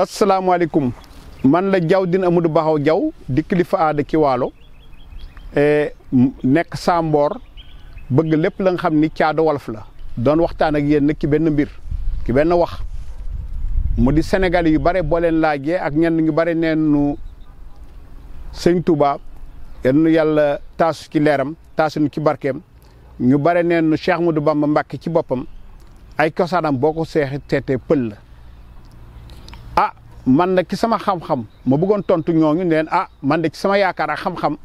asalaamaaleykum man la Diaw Dine Amadou Baxaw Diaw di kilifa aada ci waalo e, nekk Samboor bëgg lépp la nga xam ni caado wolof la doon waxtaan ak yenn nag ci benn mbir ci benn wax mu di senegal yu bare booleen leen laajee ak ñenn ñu bare neenu sëñ Touba yenn yàlla taasu ci leeram taasuñu ci barkeem ñu bare neenu Cheikh Modou Bamba Mbàkke ci boppam ay cosaanam boo ko seexee teetee pël la man na ci sama xam-xam ma bëggoon tontu ñooñu ne leen ah man de ci sama yaakaar ak xam-xam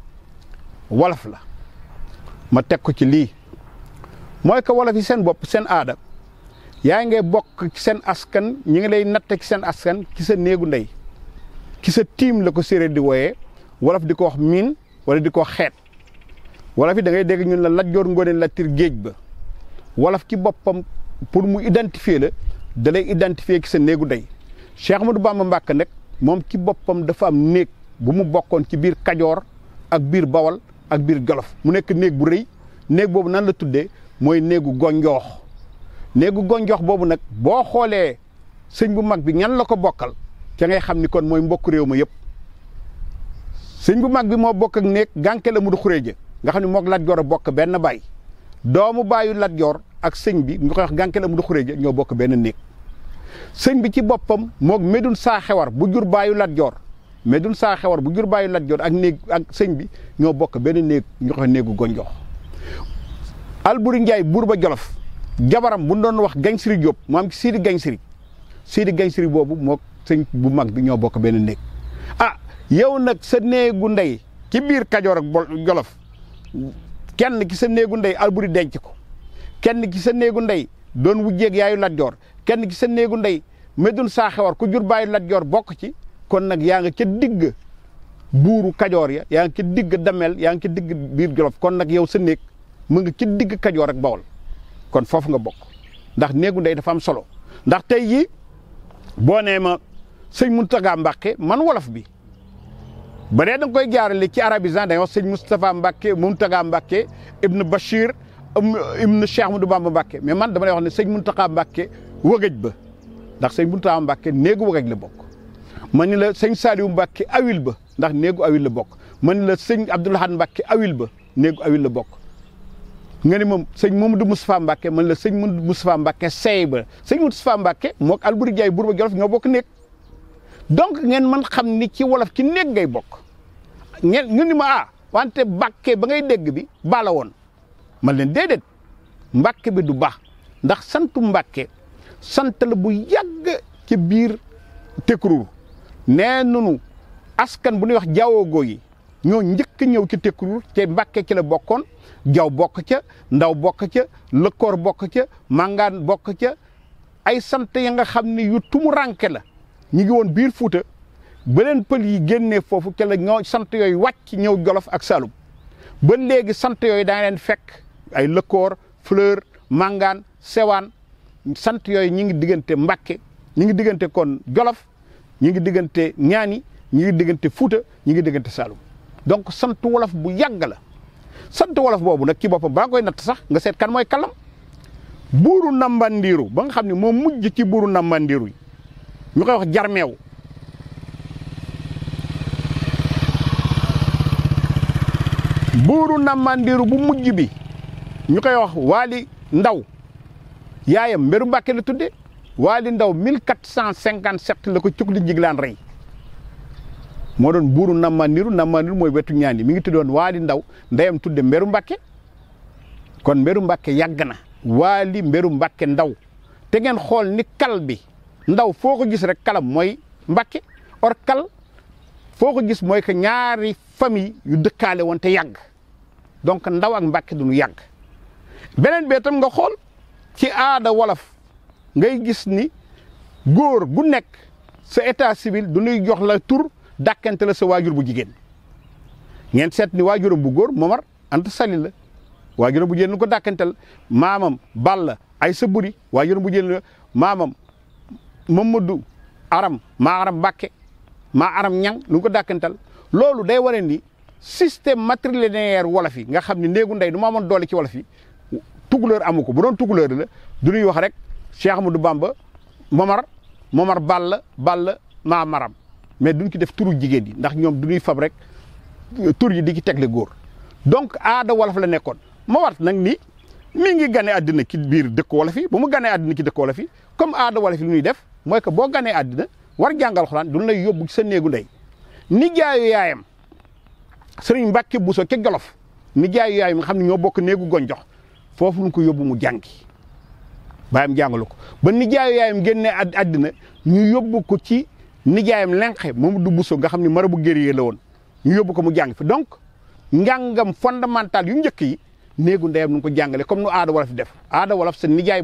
wolof la ma teg ko ci lii mooy que wolof yi seen bopp seen aada yaa ngay bokk ci seen askan ñi ngi lay natte ci seen askan ci sa néegu ndey ci sa tiim la ko séeréer di wooyee wolof di ko wax miin wala di ko xeet wolof yi da ngay dégg ñun la Lat Joor Ngoone Latiir géej ba wolof ci boppam pour mu identifier la dalay lay identifier ci sa néegu ndey Cheikh Ahmadou Bamba Mbàkke nag moom ci boppam dafa am néeg bu mu bokkoon ci biir Kajoor ak biir Bawal ak biir Jolof mu nekk néeg bu rëy néeg boobu nan la tuddee mooy néegu gonjoox néegu gonjoox boobu nag boo xoolee sëñ bu mag bi ñan la ko bokkal ca ngay xam ni kon mooy mbokk réew ma yëpp sëñ bu mag moo bokk ak néeg gànke la mu du xuréeje nga xam ne mook Lat Joor a bokk benn baay doomu baayu Lat Joor ak sëñ bi ñu koy wax gànke la mu du xuréeje ñoo bokk benn néeg sëñ bi ci boppam mook medun saa xewar bu jur baayu Lat Joor medun saa xewar bu jur baayu Lat Joor ak néeg ak sëñ bi ñoo bokk benn néeg ñu ko néegu gonjox Alburi Njaay buur ba Jolof jabaram bu doon wax Gañsiri Jóob mu am ci Siidi Gañsiri Siidi Gañsiri boobu moog sëñ bu mag bi ñoo bokk benn néeg ah yow nag sa néegu ndey ci biir Kajoor ak Jolof kenn ki sa néegu ndey Alburi denc ko kenn ki sa néegu ndey doon wujjeeg yaayu Lat Joor kenn ki sa néegu ndey Médoune Saaxewar ku jur baayu Lat Joor bokk ci kon nag yaa nga ca digg buuru kajoor ya yaa ngi ca digg damel yaa ngi ca digg biir jolof kon nag yow sa néeg mu nga ci digg kajoor ak bawol kon foofu nga bokk ndax néegu ndey dafa am solo ndax tey ji boo nee ma sëñ Mountakha Mbacké man wolof bi ba dee da koy jaarale ci arabisant dañuy wax sëñ Moustapha Mbacké Mountakha Mbacké Ibn Bachir ibnu Cheikh du Bamba Mbacke mais man dama lay wax ne sëñ Mountakha Mbacke wëgëj ba ndax sëñ Mountakha Mbacke néegu wëgëj la bokk. ma ni la sëñ Saliou Mbacke awil ba ndax néegu awil la bokk ma ni la sëñ Abdoul Ahad Mbacke awil ba néegu awil la bokk. nga ni moom sëñ Mamadou Moustapha Mbacke man la sëñ Mamadou Moustapha Mbacke seey ba sëñ Moustapha Mbacke moog Alboury Diaye Bourba Jolof ñoo bokk néeg donc ngeen man xam ni ki wolof ki néeg ngay bokk ngeen ñu ma ah wante Mbacke ba ngay dégg bi bala woon man leen déedéet mbakke bi du baax ndax santu mbàkke sant la bu yàgg ci biir Tekruur nee nunu askan bu ñuy wax jawoogoo yi ñoo njëkk ñëw ci Tekruur te mbàkke ci la bokkoon jaw bokk ca ndaw bokk ca lëkkoor bokk ca màngaan bokk ca ay sant ya nga xam ne yu tumu la ñu ngi woon biir Fuuta ba leen pël yi génnee foofu ca la ñoo sant yooyu wàcc ñëw Jolof ak Saalum ba léegi sant yooyu daa leen fekk ay lëkkoor fleur mangaan sewaan sant yooyu ñi ngi diggante mbakke ñi ngi diggante kon Jolof ñi ngi diggante ñaani ñi diggante Fuuta ñi ngi diggante Saalum donc sant wolof bu yàgg la sant wolof boobu nag ci boppam baa koy natt sax nga seet kan mooy kalam buuru nambandiiru ba nga xam ne moo mujj ci buuru nambandiiru yi ñu koy wax jarmeew buuru nambandiiru bu mujj bi ñu koy wax Waly Ndaw yaayam mberu Mbàkke la tudde Waly Ndaw 1457 la ko cukli jiglaan rey moo doon buuru Namaniru Namaniru mooy wetu ñaani mi ngi tuddoon Waali Ndaw ndeyam tudde mberu Mbàkke kon mberu Mbàkke yàgg na Waali mberu Mbàkke Ndaw te ngeen xool ni kal bi ndaw foo ko gis rek kalam mooy Mbàkke or kal foo ko gis mooy que ñaari fami yu dëkkaale woon te yàgg donc ndaw ak Mbàkke duñu yàgg beneen bee tam nga xool ci aada wolof ngay gis ni góor gu nekk sa état civil du ñuy jox la tur dàkkante la sa waajur bu jigéen ngeen seet ni waajur bu góor Momar Anta Sali la waajuram bu jigéen nu ko dàkkantel maamam Balla ay sa buri waajuram bu jigéen la maamam Mamadou Aram maa Aram Mbàkke maa Aram Ñang lu ko dàkkantel loolu day wane ni système matrilinéaire wolof yi nga xam ne néegu ndey nu ma amoon doole ci wolof yi tukulóor amu ko bu doon tukulóor la du ñuy wax rek Cheikh Ahmadou Bamba Momar Momar Ball Ball maa maram mais duñ ci def turu jigéen yi ndax ñoom du ñuy rek tur yi di ci tegle góor donc aada wolof la nekkoon ma war nag ni mi ngi gane àddina ci biir dëkk wolof yi ba mu ganee àddina ci dëkk wolof yi comme aada wolof yi lu ñuy boo ganee àddina war jàngal xuraan du lay yóbbu sa néegu ndey nijaayu yaayam sëriñ Mbàkke Buso ca Jolof nijaayu yaayam nga xam ne ñoo bokk néegu gonjox foofu lu ko yóbbu mu jàngi baayam jàngalu ko ba nijaayu yaayam génne àddina ñu yóbbu ko ci nijaayam lenqe Mamadou Bousso nga xam ni ne marabu guerrier la woon ñu yóbbu ko mu jàng fi donc njàngam fondamental yu njëkk yi néegu ndeyam nu ko jàngale comme nu aada wolof def aada wolof sa nijaay